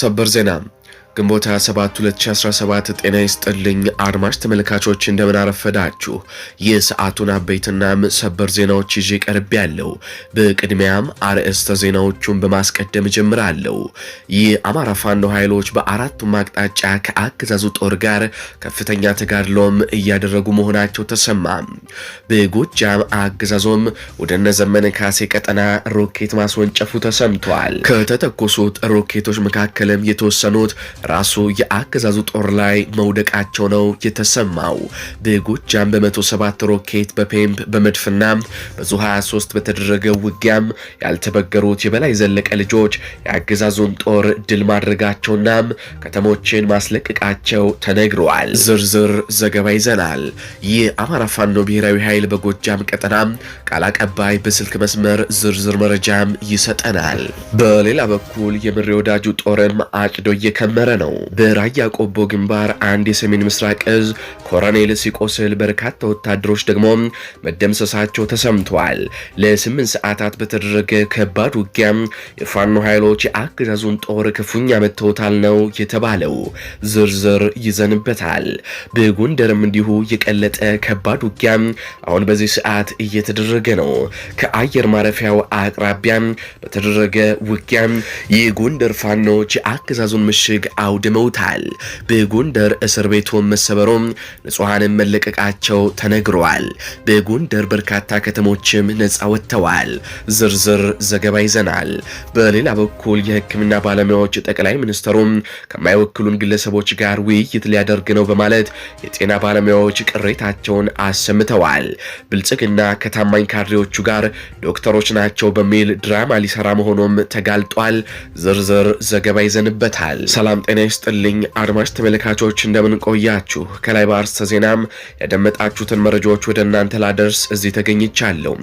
ሰበር ዜና ግንቦት 27 2017። ጤና ይስጥልኝ አድማጭ ተመልካቾች እንደምን አረፈዳችሁ። የሰዓቱን አበይትና ሰበር ዜናዎች ይዤ ቀርብ ያለው። በቅድሚያም አርዕስተ ዜናዎቹን በማስቀደም ጀምራለሁ። የአማራ ፋኖ ኃይሎች በአራቱም አቅጣጫ ከአገዛዙ ጦር ጋር ከፍተኛ ተጋድሎም እያደረጉ መሆናቸው ተሰማ። በጎጃም አገዛዞም ወደ እነዘመነ ካሴ ቀጠና ሮኬት ማስወንጨፉ ተሰምቷል። ከተተኮሱት ሮኬቶች መካከልም የተወሰኑት ራሱ የአገዛዙ ጦር ላይ መውደቃቸው ነው የተሰማው። በጎጃም በ107 ሮኬት በፔምፕ በመድፍና በዙ 23 በተደረገ ውጊያም ያልተበገሩት የበላይ ዘለቀ ልጆች የአገዛዙን ጦር ድል ማድረጋቸውና ከተሞችን ማስለቀቃቸው ተነግረዋል። ዝርዝር ዘገባ ይዘናል። ይህ አማራ ፋኖ ብሔራዊ ኃይል በጎጃም ቀጠና ቃል አቀባይ በስልክ መስመር ዝርዝር መረጃም ይሰጠናል። በሌላ በኩል የምሬ ወዳጁ ጦርም አጭዶ እየከመረ ነው። በራያ ቆቦ ግንባር አንድ የሰሜን ምስራቅ እዝ ኮረኔል ሲቆስል በርካታ ወታደሮች ደግሞ መደምሰሳቸው ተሰምተዋል። ለስምንት ሰዓታት በተደረገ ከባድ ውጊያም የፋኖ ኃይሎች የአገዛዙን ጦር ክፉኛ መተውታል ነው የተባለው። ዝርዝር ይዘንበታል። በጎንደርም እንዲሁ የቀለጠ ከባድ ውጊያም አሁን በዚህ ሰዓት እየተደረገ ነው። ከአየር ማረፊያው አቅራቢያም በተደረገ ውጊያ የጎንደር ፋኖች የአገዛዙን ምሽግ አውድመውታል። በጎንደር እስር ቤቱን መሰበሩም ንጹሐንም መለቀቃቸው ተነግሯል። በጎንደር በርካታ ከተሞችም ነፃ ወጥተዋል። ዝርዝር ዘገባ ይዘናል። በሌላ በኩል የህክምና ባለሙያዎች ጠቅላይ ሚኒስትሩም ከማይወክሉን ግለሰቦች ጋር ውይይት ሊያደርግ ነው በማለት የጤና ባለሙያዎች ቅሬታቸውን አሰምተዋል። ብልጽግና ከታማኝ ካድሬዎቹ ጋር ዶክተሮች ናቸው በሚል ድራማ ሊሰራ መሆኑም ተጋልጧል። ዝርዝር ዘገባ ይዘንበታል። ሰላም ጤና ይስጥልኝ አድማጭ ተመልካቾች ቆያችሁ ከላይ በአርዕስተ ዜናም ያደመጣችሁትን መረጃዎች ወደ እናንተ ላደርስ እዚህ ተገኝቻለሁ።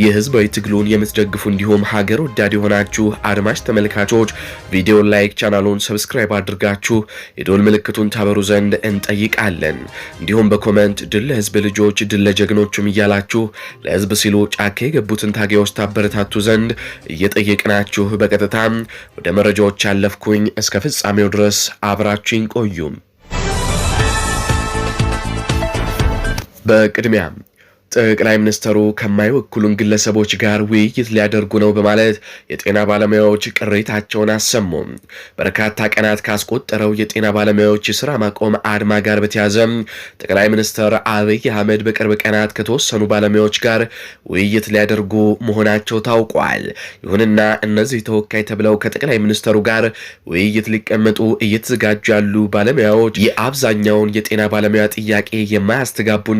ይህ ህዝባዊ ትግሉን የምትደግፉ እንዲሁም ሀገር ወዳድ የሆናችሁ አድማጭ ተመልካቾች ቪዲዮ ላይክ፣ ቻናሉን ሰብስክራይብ አድርጋችሁ የዶል ምልክቱን ታበሩ ዘንድ እንጠይቃለን። እንዲሁም በኮመንት ድል ለህዝብ ልጆች ድል ለጀግኖችም እያላችሁ ለህዝብ ሲሉ ጫካ የገቡትን ታጋዮች ታበረታቱ ዘንድ እየጠየቅናችሁ በቀጥታ ወደ መረጃዎች ያለፍኩኝ እስከ ፍጻሜው ድረስ ድረስ አብራችን ቆዩም። በቅድሚያም ጠቅላይ ሚኒስተሩ ከማይወክሉን ግለሰቦች ጋር ውይይት ሊያደርጉ ነው በማለት የጤና ባለሙያዎች ቅሬታቸውን አሰሙ። በርካታ ቀናት ካስቆጠረው የጤና ባለሙያዎች የስራ ማቆም አድማ ጋር በተያዘ ጠቅላይ ሚኒስትር አብይ አህመድ በቅርብ ቀናት ከተወሰኑ ባለሙያዎች ጋር ውይይት ሊያደርጉ መሆናቸው ታውቋል። ይሁንና እነዚህ ተወካይ ተብለው ከጠቅላይ ሚኒስትሩ ጋር ውይይት ሊቀመጡ እየተዘጋጁ ያሉ ባለሙያዎች የአብዛኛውን የጤና ባለሙያ ጥያቄ የማያስተጋቡና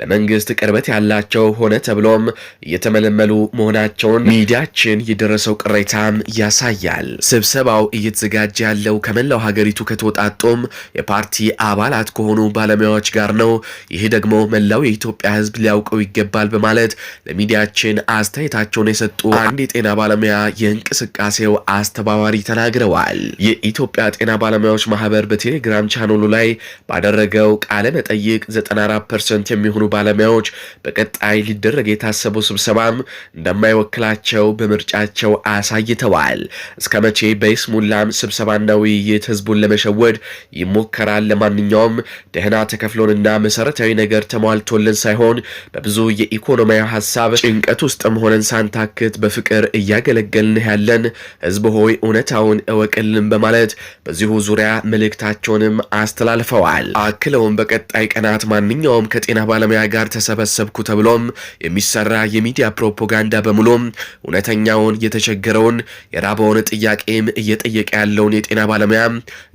ለመንግስት ቅርበት ቅርበት ያላቸው ሆነ ተብሎም እየተመለመሉ መሆናቸውን ሚዲያችን የደረሰው ቅሬታም ያሳያል። ስብሰባው እየተዘጋጀ ያለው ከመላው ሀገሪቱ ከተወጣጡም የፓርቲ አባላት ከሆኑ ባለሙያዎች ጋር ነው። ይህ ደግሞ መላው የኢትዮጵያ ሕዝብ ሊያውቀው ይገባል በማለት ለሚዲያችን አስተያየታቸውን የሰጡ አንድ የጤና ባለሙያ የእንቅስቃሴው አስተባባሪ ተናግረዋል። የኢትዮጵያ ጤና ባለሙያዎች ማህበር በቴሌግራም ቻናሉ ላይ ባደረገው ቃለ መጠይቅ 94 ፐርሰንት የሚሆኑ ባለሙያዎች በቀጣይ ሊደረግ የታሰበው ስብሰባም እንደማይወክላቸው በምርጫቸው አሳይተዋል። እስከ መቼ በይስሙላም ስብሰባና ውይይት ህዝቡን ለመሸወድ ይሞከራል? ለማንኛውም ደህና ተከፍሎንና መሰረታዊ ነገር ተሟልቶልን ሳይሆን በብዙ የኢኮኖሚያዊ ሀሳብ ጭንቀት ውስጥም ሆነን ሳንታክት በፍቅር እያገለገልንህ ያለን ህዝብ ሆይ እውነታውን እወቅልን በማለት በዚሁ ዙሪያ መልእክታቸውንም አስተላልፈዋል። አክለውም በቀጣይ ቀናት ማንኛውም ከጤና ባለሙያ ጋር ተሰበሰ አሰብኩ ተብሎም የሚሰራ የሚዲያ ፕሮፓጋንዳ በሙሉም እውነተኛውን የተቸገረውን የራበውን ጥያቄም እየጠየቀ ያለውን የጤና ባለሙያ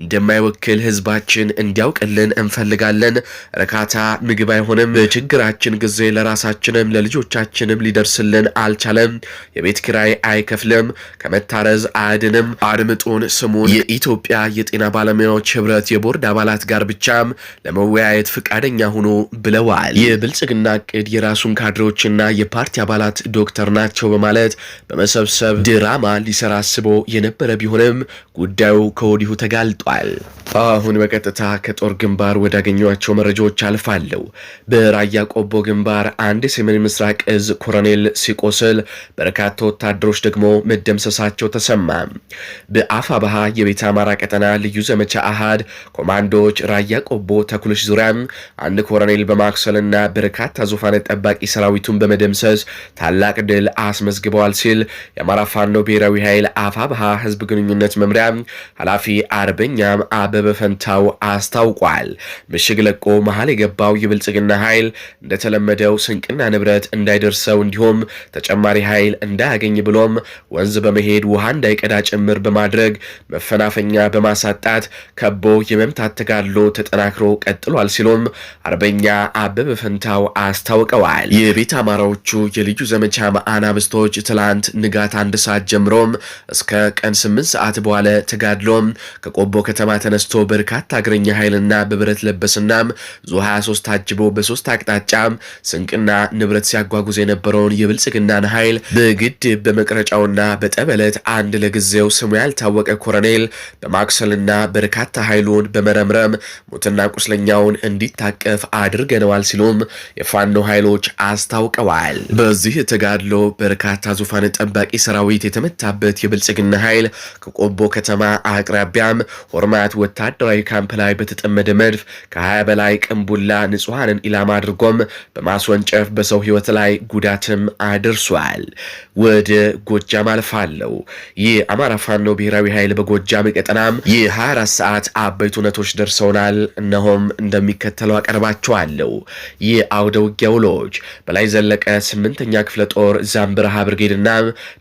እንደማይወክል ህዝባችን እንዲያውቅልን እንፈልጋለን። እርካታ ምግብ አይሆንም። በችግራችን ጊዜ ለራሳችንም ለልጆቻችንም ሊደርስልን አልቻለም። የቤት ኪራይ አይከፍልም። ከመታረዝ አያድንም። አድምጡን፣ ስሙን። የኢትዮጵያ የጤና ባለሙያዎች ህብረት የቦርድ አባላት ጋር ብቻም ለመወያየት ፈቃደኛ ሆኖ ብለዋል። የብልጽግና ቅድ የራሱን ካድሬዎችና የፓርቲ አባላት ዶክተር ናቸው በማለት በመሰብሰብ ድራማ ሊሰራ አስቦ የነበረ ቢሆንም ጉዳዩ ከወዲሁ ተጋልጧል። አሁን በቀጥታ ከጦር ግንባር ወዳገኟቸው መረጃዎች አልፋለሁ። በራያ ቆቦ ግንባር አንድ የሰሜን ምስራቅ እዝ ኮሎኔል ሲቆስል በርካታ ወታደሮች ደግሞ መደምሰሳቸው ተሰማ። በአፋ ባሃ የቤተ አማራ ቀጠና ልዩ ዘመቻ አሃድ ኮማንዶዎች ራያ ቆቦ ተኩሎች ዙሪያ አንድ ኮሎኔል በማክሰልና በርካታ ዙፋን ጠባቂ ሰራዊቱን በመደምሰስ ታላቅ ድል አስመዝግበዋል ሲል የአማራ ፋኖ ብሔራዊ ኃይል አፋብሃ ህዝብ ግንኙነት መምሪያ ኃላፊ አርበኛም አበበ ፈንታው አስታውቋል። ምሽግ ለቆ መሀል የገባው የብልጽግና ኃይል እንደተለመደው ስንቅና ንብረት እንዳይደርሰው እንዲሁም ተጨማሪ ኃይል እንዳያገኝ ብሎም ወንዝ በመሄድ ውሃ እንዳይቀዳ ጭምር በማድረግ መፈናፈኛ በማሳጣት ከቦ የመምታት ተጋድሎ ተጠናክሮ ቀጥሏል ሲሉም አርበኛ አበበ ፈንታው አስታ አስታውቀዋል። የቤት አማራዎቹ የልዩ ዘመቻ አናብስቶች ትላንት ንጋት አንድ ሰዓት ጀምሮም እስከ ቀን ስምንት ሰዓት በኋላ ተጋድሎም ከቆቦ ከተማ ተነስቶ በርካታ እግረኛ ኃይልና በብረት ለበስናም ዙ 23 ታጅቦ በሶስት አቅጣጫ ስንቅና ንብረት ሲያጓጉዝ የነበረውን የብልጽግናን ኃይል በግድ በመቅረጫውና በጠበለት አንድ ለጊዜው ስሙ ያልታወቀ ኮረኔል በማቁሰልና በርካታ ኃይሉን በመረምረም ሙትና ቁስለኛውን እንዲታቀፍ አድርገነዋል ሲሉም የፋኖ ያለው ኃይሎች አስታውቀዋል። በዚህ ተጋድሎ በርካታ ዙፋን ጠባቂ ሰራዊት የተመታበት የብልጽግና ኃይል ከቆቦ ከተማ አቅራቢያም ሆርማት ወታደራዊ ካምፕ ላይ በተጠመደ መድፍ ከ20 በላይ ቅንቡላ ንጹሐንን ኢላማ አድርጎም በማስወንጨፍ በሰው ህይወት ላይ ጉዳትም አድርሷል። ወደ ጎጃም አልፋለሁ። አማራ ፋኖ ብሔራዊ ኃይል በጎጃም ቀጠናም የ24 ሰዓት አበይት እውነቶች ደርሰውናል። እነሆም እንደሚከተለው አቀርባቸዋለሁ። አውደ ውጊያ ውሎች በላይ ዘለቀ ስምንተኛ ክፍለ ጦር ዛምብረሃ ብርጌድና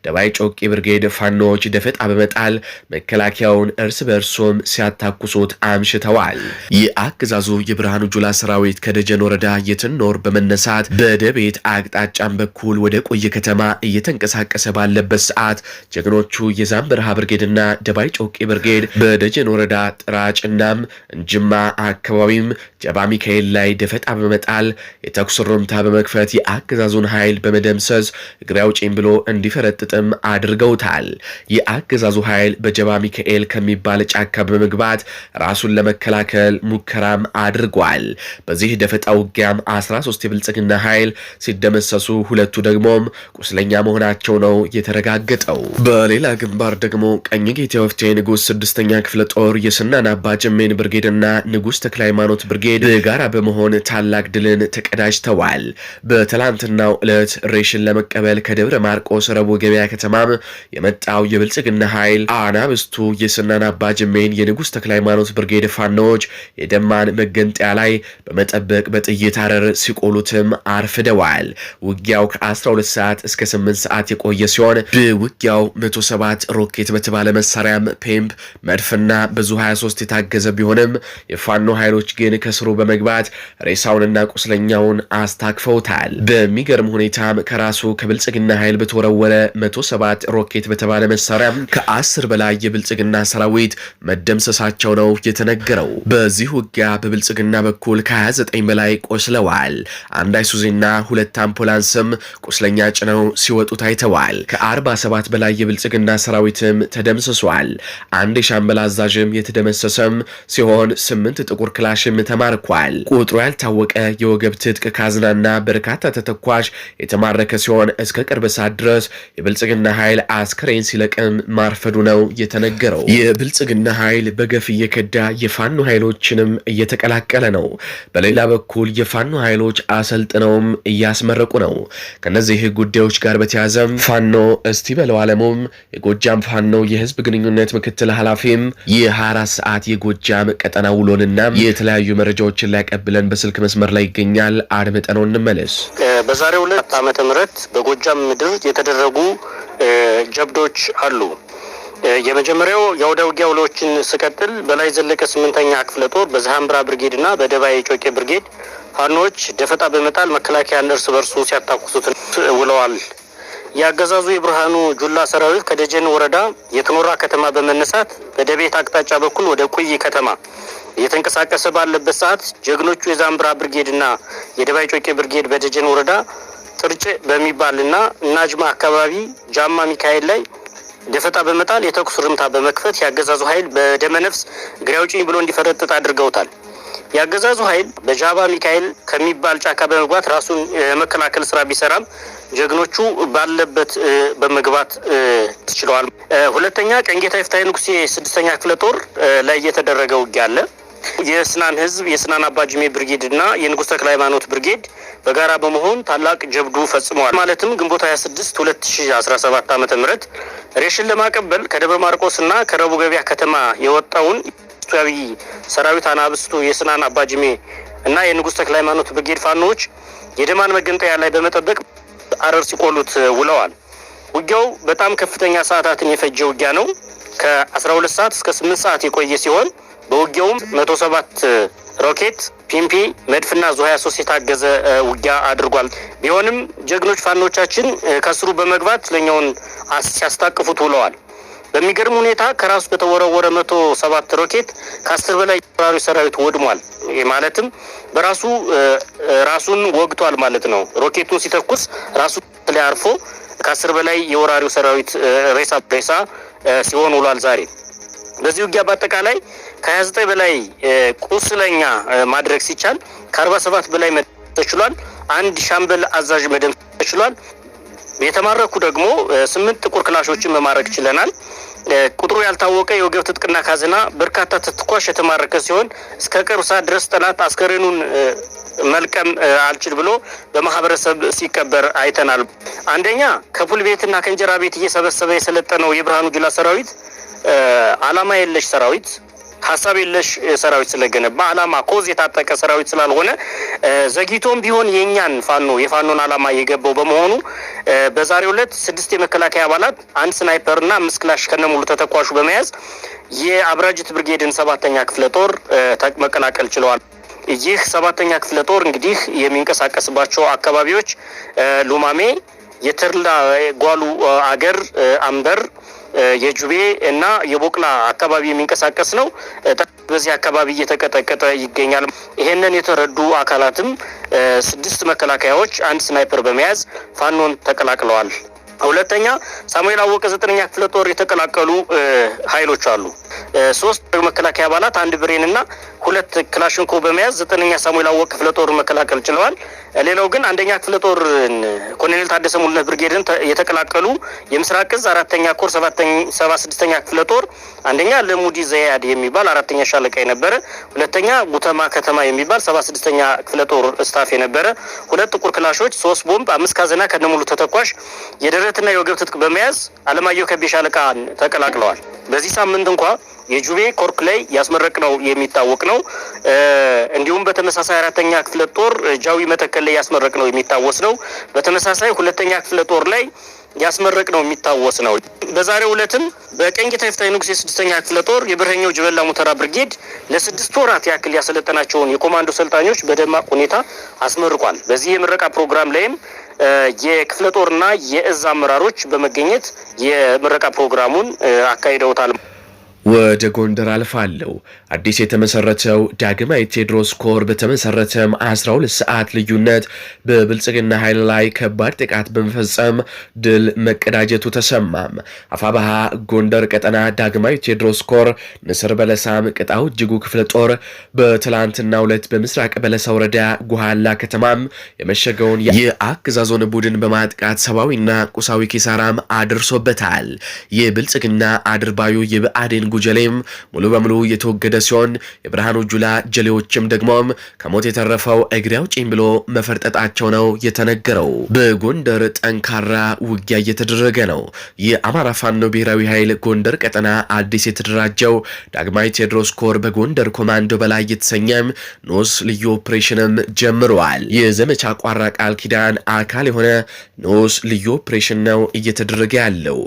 ደባይ ጮቂ ብርጌድ ፋኖዎች ደፈጣ በመጣል መከላከያውን እርስ በእርሱም ሲያታኩሱት አምሽተዋል። የአገዛዙ የብርሃኑ ጁላ ሰራዊት ከደጀን ወረዳ የትኖር በመነሳት በደቤት አቅጣጫም በኩል ወደ ቆየ ከተማ እየተንቀ እየተንቀሳቀሰ ባለበት ሰዓት ጀግኖቹ የዛምበረሃ ብርጌድና ደባይ ጮቄ ብርጌድ በደጀን ወረዳ ጥራጭናም እንጅማ አካባቢም ጀባ ሚካኤል ላይ ደፈጣ በመጣል የተኩስ ሩምታ በመክፈት የአገዛዙን ኃይል በመደምሰስ እግሬ አውጪኝ ብሎ እንዲፈረጥጥም አድርገውታል። የአገዛዙ ኃይል በጀባ ሚካኤል ከሚባል ጫካ በመግባት ራሱን ለመከላከል ሙከራም አድርጓል። በዚህ ደፈጣ ውጊያም 13 የብልጽግና ኃይል ሲደመሰሱ ሁለቱ ደግሞም ቁስለኛ መሆናቸው መሆናቸው ነው የተረጋገጠው። በሌላ ግንባር ደግሞ ቀኝ ጌታ ወፍቴ ንጉስ ስድስተኛ ክፍለ ጦር የስናን አባ ጀሜን ብርጌድና ንጉሥ ተክለ ሃይማኖት ብርጌድ በጋራ በመሆን ታላቅ ድልን ተቀዳጅተዋል። በትላንትናው ዕለት ሬሽን ለመቀበል ከደብረ ማርቆስ ረቡ ገበያ ከተማም የመጣው የብልጽግና ኃይል አናብስቱ የስናን አባ ጀሜን የንጉሥ ተክለ ሃይማኖት ብርጌድ ፋኖች የደማን መገንጠያ ላይ በመጠበቅ በጥይት አረር ሲቆሉትም አርፍደዋል። ውጊያው ከ12 ሰዓት እስከ 8 ሰዓት ሰዓት የቆየ ሲሆን በውጊያው 107 ሮኬት በተባለ መሳሪያም ፔምፕ መድፍና ብዙ 23 የታገዘ ቢሆንም የፋኖ ኃይሎች ግን ከስሩ በመግባት ሬሳውንና ቁስለኛውን አስታክፈውታል። በሚገርም ሁኔታም ከራሱ ከብልጽግና ኃይል በተወረወረ 107 ሮኬት በተባለ መሳሪያም ከአስር በላይ የብልጽግና ሰራዊት መደምሰሳቸው ነው የተነገረው። በዚህ ውጊያ በብልጽግና በኩል ከ29 በላይ ቆስለዋል። አንድ አይሱዚና ሁለት አምቡላንስም ቁስለኛ ጭነው ሲወጡ። ታይተዋል። ከ47 በላይ የብልጽግና ሰራዊትም ተደምስሷል። አንድ የሻምበል አዛዥም የተደመሰሰም ሲሆን ስምንት ጥቁር ክላሽም ተማርኳል። ቁጥሩ ያልታወቀ የወገብ ትጥቅ ካዝናና በርካታ ተተኳሽ የተማረከ ሲሆን እስከ ቅርብ ሰዓት ድረስ የብልጽግና ኃይል አስከሬን ሲለቅም ማርፈዱ ነው የተነገረው። የብልጽግና ኃይል በገፍ እየከዳ የፋኖ ኃይሎችንም እየተቀላቀለ ነው። በሌላ በኩል የፋኖ ኃይሎች አሰልጥነውም እያስመረቁ ነው። ከነዚህ ጉዳዮች ጋር በተያያዘ ገንዘብ ፋኖ እስቲ በለው አለሙም የጎጃም ፋኖ የህዝብ ግንኙነት ምክትል ኃላፊም የ24 ሰዓት የጎጃም ቀጠና ውሎንና የተለያዩ መረጃዎችን ሊያቀብለን በስልክ መስመር ላይ ይገኛል። አድምጠነው እንመለስ። በዛሬው ሁለት ዓመተ ምህረት በጎጃም ምድር የተደረጉ ጀብዶች አሉ። የመጀመሪያው የአውደ ውጊያ ውሎችን ስቀጥል በላይ ዘለቀ ስምንተኛ ክፍለ ጦር በዛሃምብራ ብርጌድ እና በደባይ ጮቄ ብርጌድ ፋኖች ደፈጣ በመጣል መከላከያን እርስ በርሱ ሲያታኩሱት ውለዋል። የአገዛዙ የብርሃኑ ጁላ ሰራዊት ከደጀን ወረዳ የትኖራ ከተማ በመነሳት በደቤት አቅጣጫ በኩል ወደ ቁይ ከተማ እየተንቀሳቀሰ ባለበት ሰዓት ጀግኖቹ የዛምብራ ብርጌድና የደባይ ጮቄ ብርጌድ በደጀን ወረዳ ጥርጭ በሚባልና እናጅማ አካባቢ ጃማ ሚካኤል ላይ ደፈጣ በመጣል የተኩስ ርምታ በመክፈት የአገዛዙ ኃይል በደመነፍስ ግራ አውጪኝ ብሎ እንዲፈረጥጥ አድርገውታል። የአገዛዙ ኃይል በጃባ ሚካኤል ከሚባል ጫካ በመግባት ራሱን የመከላከል ስራ ቢሰራም ጀግኖቹ ባለበት በመግባት ትችለዋል። ሁለተኛ ቀንጌታ ይፍታሔ ንጉሴ ስድስተኛ ክፍለ ጦር ላይ የተደረገ ውጊያ አለ። የስናን ህዝብ የስናን አባጅሜ ብርጌድ እና የንጉሥ ተክለ ሃይማኖት ብርጌድ በጋራ በመሆን ታላቅ ጀብዱ ፈጽመዋል። ማለትም ግንቦት 26 2017 ዓ ም ሬሽን ለማቀበል ከደብረ ማርቆስ እና ከረቡ ገቢያ ከተማ የወጣውን ኢትዮጵያዊ ሰራዊት አናብስቱ የስናን አባጅሜ እና የንጉሥ ተክለ ሃይማኖት ብርጌድ ፋኖዎች የደማን መገንጠያ ላይ በመጠበቅ አረር ሲቆሉት ውለዋል። ውጊያው በጣም ከፍተኛ ሰዓታትን የፈጀ ውጊያ ነው። ከ12 ሰዓት እስከ 8 ሰዓት የቆየ ሲሆን በውጊያውም 107 ሮኬት፣ ፒምፒ፣ መድፍና ዙ 23 የታገዘ ውጊያ አድርጓል። ቢሆንም ጀግኖች ፋኖቻችን ከስሩ በመግባት ለኛውን ሲያስታቅፉት ውለዋል። በሚገርም ሁኔታ ከራሱ በተወረወረ መቶ ሰባት ሮኬት ከአስር በላይ ወራሪ ሰራዊት ወድሟል። ማለትም በራሱ ራሱን ወግቷል ማለት ነው። ሮኬቱን ሲተኩስ ራሱ ላይ አርፎ ከአስር በላይ የወራሪው ሰራዊት ሬሳ ሬሳ ሲሆን ውሏል። ዛሬ በዚህ ውጊያ በአጠቃላይ ከ29 በላይ ቁስለኛ ማድረግ ሲቻል ከ47 በላይ መደምሰስ ተችሏል። አንድ ሻምበል አዛዥ መደምሰስ ተችሏል። የተማረኩ ደግሞ ስምንት ጥቁር ክላሾችን መማረክ ችለናል። ቁጥሩ ያልታወቀ የወገብ ትጥቅና ካዝና በርካታ ትትኳሽ የተማረከ ሲሆን እስከ ቅርብ ሰዓት ድረስ ጠላት አስከሬኑን መልቀም አልችል ብሎ በማህበረሰብ ሲቀበር አይተናል። አንደኛ ከፑል ቤትና ከእንጀራ ቤት እየሰበሰበ የሰለጠነው የብርሃኑ ጁላ ሰራዊት አላማ የለሽ ሰራዊት ሀሳብ የለሽ ሰራዊት ስለገነባ አላማ ኮዝ የታጠቀ ሰራዊት ስላልሆነ ዘግይቶም ቢሆን የእኛን ፋኖ የፋኖን አላማ የገባው በመሆኑ በዛሬው ዕለት ስድስት የመከላከያ አባላት አንድ እና አምስት ክላሽ ከነሙሉ ተተኳሹ በመያዝ የአብራጅት ብርጌድን ሰባተኛ ክፍለ ጦር መቀላቀል ችለዋል። ይህ ሰባተኛ ክፍለ ጦር እንግዲህ የሚንቀሳቀስባቸው አካባቢዎች ሉማሜ፣ የትርላ ጓሉ አገር፣ አምበር የጁቤ እና የቦቅላ አካባቢ የሚንቀሳቀስ ነው። በዚህ አካባቢ እየተቀጠቀጠ ይገኛል። ይሄንን የተረዱ አካላትም ስድስት መከላከያዎች አንድ ስናይፐር በመያዝ ፋኖን ተቀላቅለዋል። ሁለተኛ ሳሙኤል አወቀ ዘጠነኛ ክፍለ ጦር የተቀላቀሉ ኃይሎች አሉ። ሶስት መከላከያ አባላት አንድ ብሬን እና ሁለት ክላሽንኮ በመያዝ ዘጠነኛ ሳሙኤል አወቅ ክፍለ ጦር መከላከል ችለዋል። ሌላው ግን አንደኛ ክፍለ ጦር ኮሎኔል ታደሰ ሙሉነት ብርጌድን የተቀላቀሉ የምስራቅ እዝ አራተኛ ኮር ሰባ ስድስተኛ ክፍለ ጦር አንደኛ ለሙዲ ዘያድ የሚባል አራተኛ ሻለቃ የነበረ፣ ሁለተኛ ጉተማ ከተማ የሚባል ሰባ ስድስተኛ ክፍለ ጦር ስታፍ የነበረ፣ ሁለት ጥቁር ክላሾች፣ ሶስት ቦምብ፣ አምስት ካዘና ከነሙሉ ተተኳሽ የደረትና የወገብ ትጥቅ በመያዝ አለማየሁ ከቤ ሻለቃ ተቀላቅለዋል። በዚህ ሳምንት እንኳ የጁቤ ኮርክ ላይ ያስመረቅ ነው የሚታወቅ ነው። እንዲሁም በተመሳሳይ አራተኛ ክፍለ ጦር ጃዊ መተከል ላይ ያስመረቅ ነው የሚታወስ ነው። በተመሳሳይ ሁለተኛ ክፍለ ጦር ላይ ያስመረቅ ነው የሚታወስ ነው። በዛሬው ዕለትም በቀኝ ጌታ ይፍታይ ንጉሥ የስድስተኛ ክፍለ ጦር የብርሀኛው ጅበላ ሙተራ ብርጌድ ለስድስት ወራት ያክል ያሰለጠናቸውን የኮማንዶ ሰልጣኞች በደማቅ ሁኔታ አስመርቋል። በዚህ የምረቃ ፕሮግራም ላይም የክፍለ ጦርና የእዝ አመራሮች በመገኘት የምረቃ ፕሮግራሙን አካሂደውታል። ወደ ጎንደር አልፋለሁ። አዲስ የተመሰረተው ዳግማዊ ቴዎድሮስ ኮር በተመሰረተም 12 ሰዓት ልዩነት በብልጽግና ኃይል ላይ ከባድ ጥቃት በመፈጸም ድል መቀዳጀቱ ተሰማም። አፋባሃ ጎንደር ቀጠና ዳግማዊ ቴዎድሮስ ኮር ንስር በለሳም ቅጣው እጅጉ ክፍለ ጦር በትላንትና ሁለት በምስራቅ በለሳ ወረዳ ጉሃላ ከተማም የመሸገውን የአገዛዞን ቡድን በማጥቃት ሰብአዊና ቁሳዊ ኪሳራም አድርሶበታል። የብልጽግና አድርባዩ የብአዴን ጉጀሌም ሙሉ በሙሉ የተወገደ ሲሆን የብርሃኑ ጁላ ጀሌዎችም ደግሞም ከሞት የተረፈው እግሬ አውጪኝ ብሎ መፈርጠጣቸው ነው የተነገረው። በጎንደር ጠንካራ ውጊያ እየተደረገ ነው። የአማራ ፋኖ ብሔራዊ ኃይል ጎንደር ቀጠና አዲስ የተደራጀው ዳግማዊ ቴዎድሮስ ኮር በጎንደር ኮማንዶ በላይ እየተሰኘም ንዑስ ልዩ ኦፕሬሽንም ጀምረዋል። የዘመቻ ቋራ ቃል ኪዳን አካል የሆነ ንዑስ ልዩ ኦፕሬሽን ነው እየተደረገ ያለው።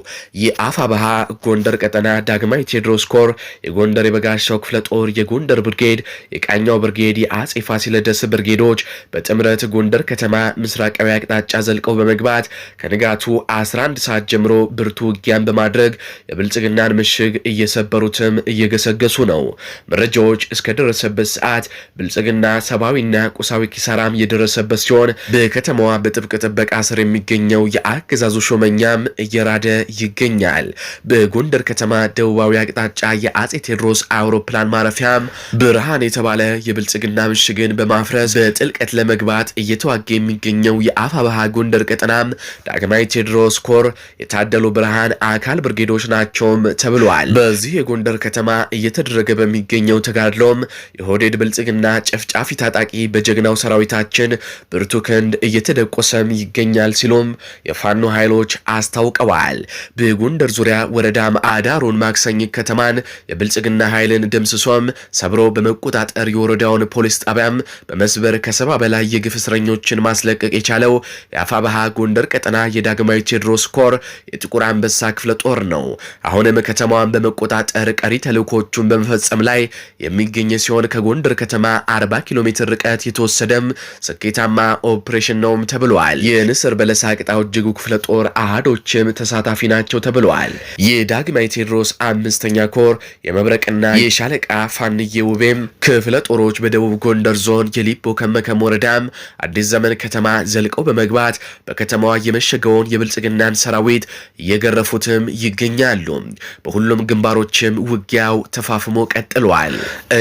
የአፋ ባሃ ጎንደር ቀጠና ዳግማዊ ቴዎድሮስ ኮር የጎንደር የበጋሻው ክፍለ ጦር የጎንደር ብርጌድ፣ የቃኛው ብርጌድ፣ የአጼ ፋሲለደስ ብርጌዶች በጥምረት ጎንደር ከተማ ምስራቃዊ አቅጣጫ ዘልቀው በመግባት ከንጋቱ 11 ሰዓት ጀምሮ ብርቱ ውጊያን በማድረግ የብልጽግናን ምሽግ እየሰበሩትም እየገሰገሱ ነው። መረጃዎች እስከደረሰበት ሰዓት ብልጽግና ሰብአዊና ቁሳዊ ኪሳራም የደረሰበት ሲሆን በከተማዋ በጥብቅ ጥበቃ ስር የሚገኘው የአገዛዙ ሾመኛም እየራደ ይገኛል። በጎንደር ከተማ ደቡባዊ አቅጣጫ የአጼ ቴዎድሮስ አውሮፕላን ማረፊያም ብርሃን የተባለ የብልጽግና ምሽግን በማፍረስ በጥልቀት ለመግባት እየተዋጋ የሚገኘው የአፋባሃ ጎንደር ቀጠና ዳግማዊ ቴዎድሮስ ኮር የታደሉ ብርሃን አካል ብርጌዶች ናቸውም ተብሏል። በዚህ የጎንደር ከተማ እየተደረገ በሚገኘው ተጋድሎም የሆዴድ ብልጽግና ጨፍጫፊ ታጣቂ በጀግናው ሰራዊታችን ብርቱ ክንድ እየተደቆሰም ይገኛል ሲሉም የፋኖ ኃይሎች አስታውቀዋል። በጎንደር ዙሪያ ወረዳም አዳሩን ማክሰኝ ከተማን የብልጽግና ኃይልን ደምስ ተመልሷም ሰብሮ በመቆጣጠር የወረዳውን ፖሊስ ጣቢያም በመስበር ከሰባ በላይ የግፍ እስረኞችን ማስለቀቅ የቻለው የአፋባሃ ጎንደር ቀጠና የዳግማዊ ቴዎድሮስ ኮር የጥቁር አንበሳ ክፍለ ጦር ነው። አሁንም ከተማዋን በመቆጣጠር ቀሪ ተልእኮቹን በመፈጸም ላይ የሚገኝ ሲሆን ከጎንደር ከተማ 40 ኪሎ ሜትር ርቀት የተወሰደም ስኬታማ ኦፕሬሽን ነውም ተብሏል። የንስር በለሳ ቅጣው እጅጉ ክፍለ ጦር አህዶችም ተሳታፊ ናቸው ተብሏል። የዳግማዊ ቴዎድሮስ አምስተኛ ኮር የመብረቅና የሻለቃ ፋንዬ ውቤም ክፍለ ጦሮች በደቡብ ጎንደር ዞን የሊቦ ከመከም ወረዳም አዲስ ዘመን ከተማ ዘልቀው በመግባት በከተማዋ የመሸገውን የብልጽግናን ሰራዊት እየገረፉትም ይገኛሉ። በሁሉም ግንባሮችም ውጊያው ተፋፍሞ ቀጥሏል።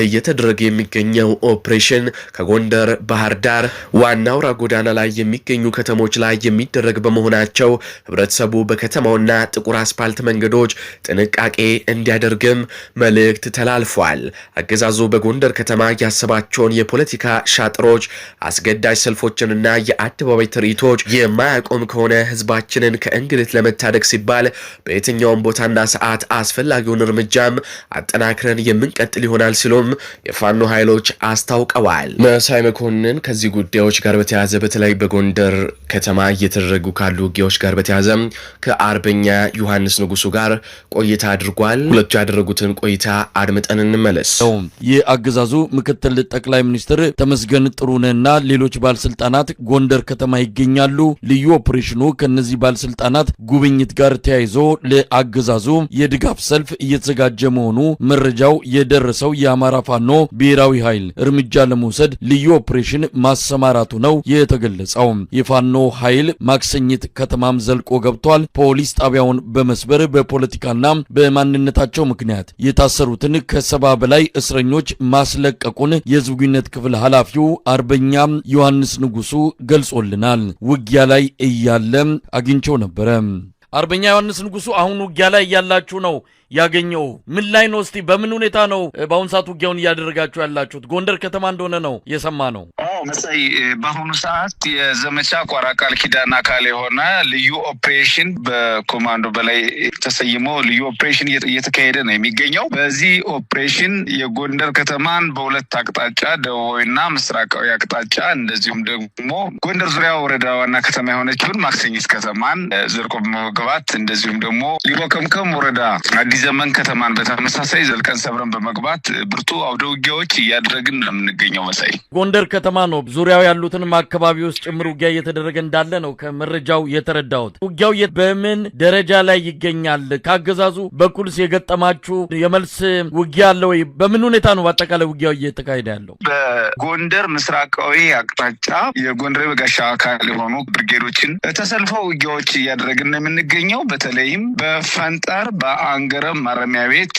እየተደረገ የሚገኘው ኦፕሬሽን ከጎንደር ባህር ዳር ዋና አውራ ጎዳና ላይ የሚገኙ ከተሞች ላይ የሚደረግ በመሆናቸው ህብረተሰቡ በከተማውና ጥቁር አስፓልት መንገዶች ጥንቃቄ እንዲያደርግም መልእክት ተላልፏል። ተናግረዋል። አገዛዙ በጎንደር ከተማ ያሰባቸውን የፖለቲካ ሻጥሮች፣ አስገዳጅ ሰልፎችንና የአደባባይ ትርኢቶች የማያቆም ከሆነ ህዝባችንን ከእንግልት ለመታደግ ሲባል በየትኛውም ቦታና ሰዓት አስፈላጊውን እርምጃም አጠናክረን የምንቀጥል ይሆናል ሲሉም የፋኖ ኃይሎች አስታውቀዋል። መሳይ መኮንን ከዚህ ጉዳዮች ጋር በተያያዘ በተለይ በጎንደር ከተማ እየተደረጉ ካሉ ውጊያዎች ጋር በተያያዘ ከአርበኛ ዮሐንስ ንጉሱ ጋር ቆይታ አድርጓል። ሁለቱ ያደረጉትን ቆይታ አድምጠን እንመ ይህ የአገዛዙ ምክትል ጠቅላይ ሚኒስትር ተመስገን ጥሩነህና ሌሎች ባለስልጣናት ጎንደር ከተማ ይገኛሉ። ልዩ ኦፕሬሽኑ ከነዚህ ባለስልጣናት ጉብኝት ጋር ተያይዞ ለአገዛዙ የድጋፍ ሰልፍ እየተዘጋጀ መሆኑ መረጃው የደረሰው የአማራ ፋኖ ብሔራዊ ኃይል እርምጃ ለመውሰድ ልዩ ኦፕሬሽን ማሰማራቱ ነው የተገለጸው። የፋኖ ኃይል ማክሰኝት ከተማም ዘልቆ ገብቷል። ፖሊስ ጣቢያውን በመስበር በፖለቲካና በማንነታቸው ምክንያት የታሰሩትን ከሰባ ከሰባ በላይ እስረኞች ማስለቀቁን የህዝብ ግንኙነት ክፍል ኃላፊው አርበኛ ዮሐንስ ንጉሱ ገልጾልናል። ውጊያ ላይ እያለ አግኝቸው ነበረ። አርበኛ ዮሐንስ ንጉሱ አሁን ውጊያ ላይ እያላችሁ ነው ያገኘው? ምን ላይ ነው? እስቲ በምን ሁኔታ ነው በአሁኑ ሰዓት ውጊያውን እያደረጋችሁ ያላችሁት? ጎንደር ከተማ እንደሆነ ነው የሰማ ነው። መሳይ በአሁኑ ሰዓት የዘመቻ ቋራ ቃል ኪዳን አካል የሆነ ልዩ ኦፕሬሽን በኮማንዶ በላይ ተሰይሞ ልዩ ኦፕሬሽን እየተካሄደ ነው የሚገኘው። በዚህ ኦፕሬሽን የጎንደር ከተማን በሁለት አቅጣጫ ደቡባዊና ምስራቃዊ አቅጣጫ እንደዚሁም ደግሞ ጎንደር ዙሪያ ወረዳ ዋና ከተማ የሆነችውን ማክሰኝት ከተማን ዘርቆ በመግባት እንደዚሁም ደግሞ ሊቦ ወረዳ አዲስ ዘመን ከተማን በተመሳሳይ ዘልቀን ሰብረን በመግባት ብርቱ አውደ ውጊያዎች እያደረግን ነው የምንገኘው። መሳይ ጎንደር ከተማ ነው ዙሪያው ያሉትንም አካባቢ ውስጥ ጭምር ውጊያ እየተደረገ እንዳለ ነው ከመረጃው የተረዳሁት። ውጊያው በምን ደረጃ ላይ ይገኛል? ከአገዛዙ በኩልስ የገጠማችሁ የመልስ ውጊያ አለ ወይ? በምን ሁኔታ ነው በአጠቃላይ ውጊያው እየተካሄደ ያለው? በጎንደር ምስራቃዊ አቅጣጫ የጎንደር በጋሻ አካል የሆኑ ብርጌዶችን ተሰልፈው ውጊያዎች እያደረግን ነው የምንገኘው። በተለይም በፈንጠር በአንገረ ማረሚያ ቤት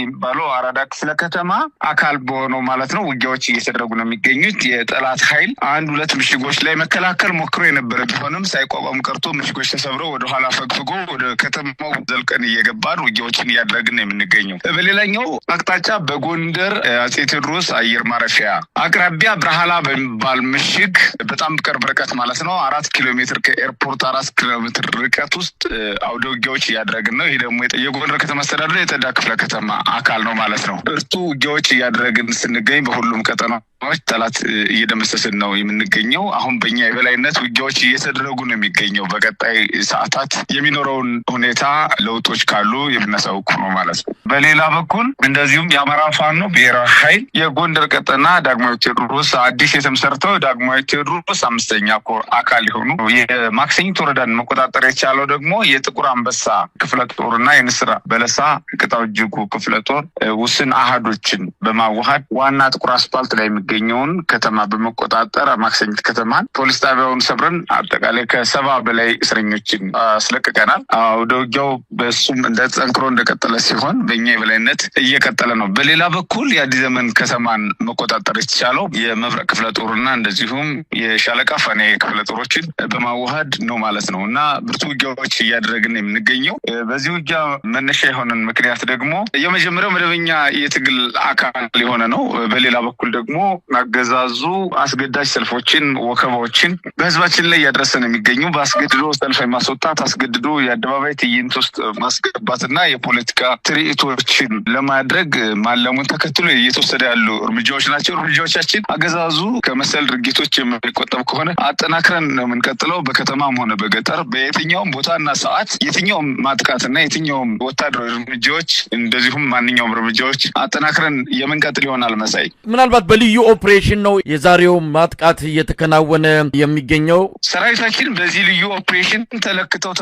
የሚባለው አራዳ ክፍለ ከተማ አካል በሆነው ማለት ነው ውጊያዎች እየተደረጉ ነው የሚገኙት። የጠላት ኃይል አንድ ሁለት ምሽጎች ላይ መከላከል ሞክሮ የነበረ ቢሆንም ሳይቋቋም ቀርቶ ምሽጎች ተሰብረው ወደኋላ ፈግፍጎ ወደ ከተማው ዘልቀን እየገባን ውጊያዎችን እያደረግን ነው የምንገኘው። በሌላኛው አቅጣጫ በጎንደር አጼ ቴዎድሮስ አየር ማረፊያ አቅራቢያ ብርሃላ በሚባል ምሽግ በጣም ቅርብ ርቀት ማለት ነው አራት ኪሎ ሜትር ከኤርፖርት አራት ኪሎ ሜትር ርቀት ውስጥ አውደ ውጊያዎች እያደረግን ነው። ይሄ ደግሞ የጎንደር ከተማ መስተዳድር የጠዳ ክፍለ ከተማ አካል ነው ማለት ነው። እርቱ ውጊያዎች እያደረግን ስንገኝ በሁሉም ቀጠና ች ጠላት እየደመሰስን ነው የምንገኘው። አሁን በኛ የበላይነት ውጊያዎች እየተደረጉ ነው የሚገኘው። በቀጣይ ሰዓታት የሚኖረውን ሁኔታ ለውጦች ካሉ የምናሳውቁ ነው ማለት ነው። በሌላ በኩል እንደዚሁም የአማራ ፋኖ ብሔራዊ ኃይል የጎንደር ቀጠና ዳግማዊ ቴዎድሮስ አዲስ የተመሰርተው ዳግማዊ ቴዎድሮስ አምስተኛ ኮር አካል የሆኑ የማክሰኝት ወረዳን መቆጣጠር የቻለው ደግሞ የጥቁር አንበሳ ክፍለ ጦር እና የንስራ በለሳ ቅጣው እጅጉ ክፍለ ጦር ውስን አሃዶችን በማዋሃድ ዋና ጥቁር አስፋልት ላይ የሚገ የሚገኘውን ከተማ በመቆጣጠር ማክሰኝት ከተማን ፖሊስ ጣቢያውን ሰብረን አጠቃላይ ከሰባ በላይ እስረኞችን አስለቅቀናል። ወደ ውጊያው በሱም እንደ ጠንክሮ እንደቀጠለ ሲሆን በእኛ የበላይነት እየቀጠለ ነው። በሌላ በኩል የአዲስ ዘመን ከተማን መቆጣጠር የተቻለው የመብረቅ ክፍለ ጦርና እንደዚሁም የሻለቃ ፋኔ ክፍለ ጦሮችን በማዋሃድ ነው ማለት ነው እና ብርቱ ውጊያዎች እያደረግን የምንገኘው በዚህ ውጊያ መነሻ የሆነን ምክንያት ደግሞ የመጀመሪያው መደበኛ የትግል አካል የሆነ ነው። በሌላ በኩል ደግሞ አገዛዙ አስገዳጅ ሰልፎችን፣ ወከባዎችን በህዝባችን ላይ እያደረሰ ነው የሚገኙ በአስገድዶ ሰልፍ የማስወጣት አስገድዶ የአደባባይ ትዕይንት ውስጥ ማስገባትና የፖለቲካ ትርኢቶችን ለማድረግ ማለሙን ተከትሎ እየተወሰደ ያሉ እርምጃዎች ናቸው። እርምጃዎቻችን አገዛዙ ከመሰል ድርጊቶች የሚቆጠብ ከሆነ አጠናክረን ነው የምንቀጥለው። በከተማም ሆነ በገጠር በየትኛውም ቦታና ሰዓት የትኛውም ማጥቃትና የትኛውም ወታደራዊ እርምጃዎች እንደዚሁም ማንኛውም እርምጃዎች አጠናክረን የምንቀጥል ይሆናል። መሳይ ምናልባት በልዩ ኦፕሬሽን ነው የዛሬው ማጥቃት እየተከናወነ የሚገኘው። ሰራዊታችን በዚህ ልዩ ኦፕሬሽን ተለክተው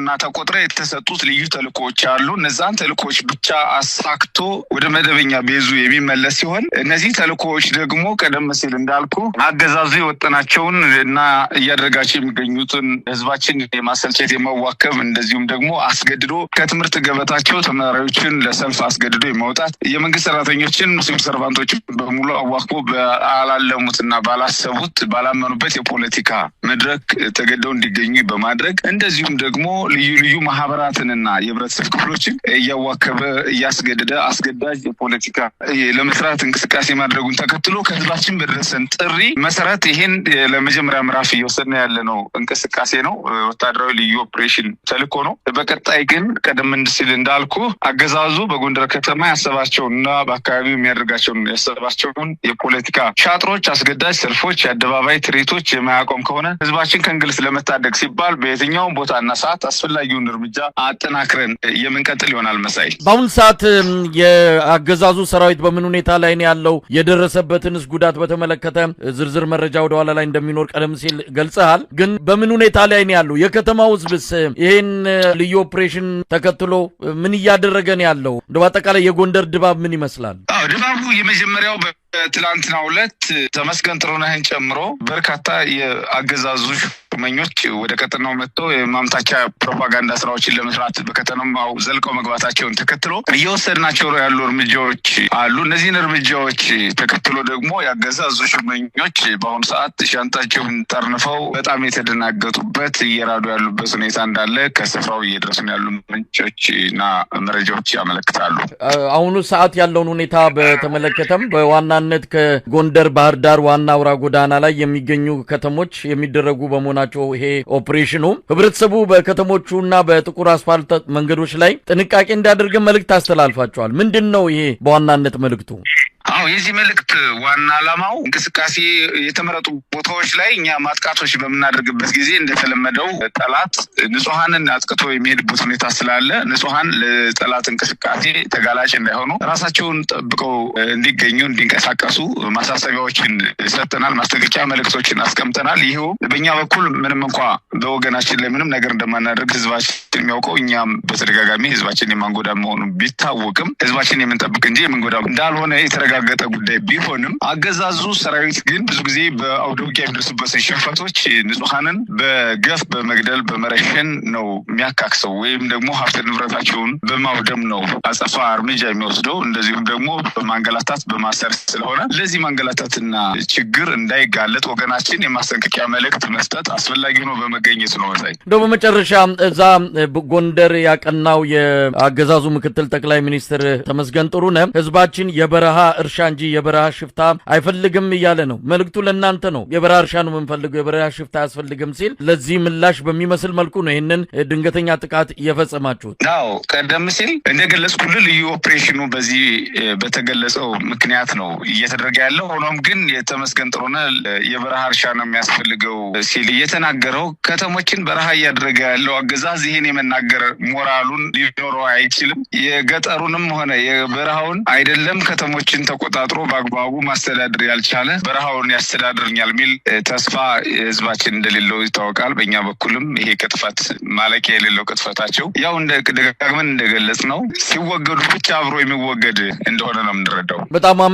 እና ተቆጥረው የተሰጡት ልዩ ተልኮዎች አሉ። እነዛን ተልኮዎች ብቻ አሳክቶ ወደ መደበኛ ቤዙ የሚመለስ ሲሆን እነዚህ ተልኮዎች ደግሞ ቀደም ሲል እንዳልኩ አገዛዙ የወጠናቸውን እና እያደረጋቸው የሚገኙትን ህዝባችን የማሰልቸት የማዋከብ እንደዚሁም ደግሞ አስገድዶ ከትምህርት ገበታቸው ተማሪዎችን ለሰልፍ አስገድዶ የማውጣት የመንግስት ሰራተኞችን ሲቪል ሰርቫንቶችን በሙሉ አዋክቦ ባላለሙትና ባላሰቡት ባላመኑበት የፖለቲካ መድረክ ተገደው እንዲገኙ በማድረግ እንደዚሁም ደግሞ ልዩ ልዩ ማህበራትንና የህብረተሰብ ክፍሎችን እያዋከበ እያስገደደ አስገዳጅ የፖለቲካ ለመስራት እንቅስቃሴ ማድረጉን ተከትሎ ከህዝባችን በደረሰን ጥሪ መሰረት ይሄን ለመጀመሪያ ምዕራፍ እየወሰድን ያለ ነው እንቅስቃሴ ነው። ወታደራዊ ልዩ ኦፕሬሽን ተልኮ ነው። በቀጣይ ግን ቀደም ሲል እንዳልኩ አገዛዙ በጎንደር ከተማ ያሰባቸውንና በአካባቢው የሚያደርጋቸውን ያሰባቸውን የፖለቲካ ሻጥሮች፣ አስገዳጅ ሰልፎች፣ የአደባባይ ትርኢቶች የማያቆም ከሆነ ህዝባችን ከእንግልት ለመታደግ ሲባል በየትኛውም ቦታና ሰዓት አስፈላጊውን እርምጃ አጠናክረን የምንቀጥል ይሆናል። መሳይ፣ በአሁኑ ሰዓት የአገዛዙ ሰራዊት በምን ሁኔታ ላይ ነው ያለው? የደረሰበትንስ ጉዳት በተመለከተ ዝርዝር መረጃ ወደኋላ ላይ እንደሚኖር ቀደም ሲል ገልጸሃል። ግን በምን ሁኔታ ላይ ነው ያለው? የከተማው ህዝብስ ይህን ልዩ ኦፕሬሽን ተከትሎ ምን እያደረገ ነው ያለው? እንደ በአጠቃላይ የጎንደር ድባብ ምን ይመስላል? ድባቡ የመጀመሪያው ትላንትና ሁለት ተመስገን ጥሩነህን ጨምሮ በርካታ የአገዛዙ ቁመኞች ወደ ቀጠናው መጥቶ የማምታቻ ፕሮፓጋንዳ ስራዎችን ለመስራት በከተማው ዘልቀው መግባታቸውን ተከትሎ እየወሰድናቸው ያሉ እርምጃዎች አሉ። እነዚህን እርምጃዎች ተከትሎ ደግሞ ያገዛዙ ሽመኞች በአሁኑ ሰዓት ሻንጣቸውን ጠርንፈው በጣም የተደናገጡበት እየራዱ ያሉበት ሁኔታ እንዳለ ከስፍራው እየደረሱን ያሉ ምንጮች እና መረጃዎች ያመለክታሉ። አሁኑ ሰዓት ያለውን ሁኔታ በተመለከተም በዋናነት ከጎንደር ባህር ዳር ዋና አውራ ጎዳና ላይ የሚገኙ ከተሞች የሚደረጉ በመሆናቸው ናቸው። ይሄ ኦፕሬሽኑ ህብረተሰቡ በከተሞቹና በጥቁር አስፋልት መንገዶች ላይ ጥንቃቄ እንዲያደርግን መልእክት አስተላልፋቸዋል። ምንድን ነው ይሄ በዋናነት መልእክቱ? አዎ የዚህ መልእክት ዋና ዓላማው እንቅስቃሴ የተመረጡ ቦታዎች ላይ እኛ ማጥቃቶች በምናደርግበት ጊዜ እንደተለመደው ጠላት ንጹሐንን አጥቅቶ የሚሄድበት ሁኔታ ስላለ ንጹሐን ለጠላት እንቅስቃሴ ተጋላጭ እንዳይሆኑ ራሳቸውን ጠብቀው እንዲገኙ እንዲንቀሳቀሱ ማሳሰቢያዎችን ሰጥተናል። ማስጠንቀቂያ መልእክቶችን አስቀምጠናል። ይህ በእኛ በኩል ምንም እንኳ በወገናችን ላይ ምንም ነገር እንደማናደርግ ህዝባችን የሚያውቀው እኛም በተደጋጋሚ ህዝባችን የማንጎዳ መሆኑ ቢታወቅም ህዝባችን የምንጠብቅ እንጂ የምንጎዳ እንዳልሆነ የተረጋ የተረጋገጠ ጉዳይ ቢሆንም አገዛዙ ሰራዊት ግን ብዙ ጊዜ በአውደ ውጊያ የሚደርሱበት ሽንፈቶች ንጹሐንን በገፍ በመግደል በመረሸን ነው የሚያካክሰው ወይም ደግሞ ሀብት ንብረታቸውን በማውደም ነው አጸፋ እርምጃ የሚወስደው እንደዚሁም ደግሞ በማንገላታት በማሰር ስለሆነ ለዚህ ማንገላታትና ችግር እንዳይጋለጥ ወገናችን የማስጠንቀቂያ መልእክት መስጠት አስፈላጊ ሆኖ በመገኘት ነው። መሳይ እንደው በመጨረሻ እዛ ጎንደር ያቀናው የአገዛዙ ምክትል ጠቅላይ ሚኒስትር ተመስገን ጥሩነህ ህዝባችን የበረሃ እርሻ እንጂ የበረሃ ሽፍታ አይፈልግም እያለ ነው። መልእክቱ ለእናንተ ነው። የበረሃ እርሻ ነው የምንፈልገው፣ የበረሃ ሽፍታ አያስፈልግም ሲል ለዚህ ምላሽ በሚመስል መልኩ ነው ይህንን ድንገተኛ ጥቃት እየፈጸማችሁት። አዎ ቀደም ሲል እንደገለጽኩልህ ልዩ ኦፕሬሽኑ በዚህ በተገለጸው ምክንያት ነው እየተደረገ ያለው። ሆኖም ግን የተመስገን ጥሩነ የበረሃ እርሻ ነው የሚያስፈልገው ሲል እየተናገረው ከተሞችን በረሃ እያደረገ ያለው አገዛዝ ይህን የመናገር ሞራሉን ሊኖረው አይችልም። የገጠሩንም ሆነ የበረሃውን አይደለም ከተሞችን ተቆጣጥሮ በአግባቡ ማስተዳደር ያልቻለ በረሃውን ያስተዳድርኛል የሚል ተስፋ ህዝባችን እንደሌለው ይታወቃል። በእኛ በኩልም ይሄ ቅጥፈት ማለቂያ የሌለው ቅጥፈታቸው ያው ደጋግመን እንደገለጽ ነው ሲወገዱ ብቻ አብሮ የሚወገድ እንደሆነ ነው የምንረዳው። በጣም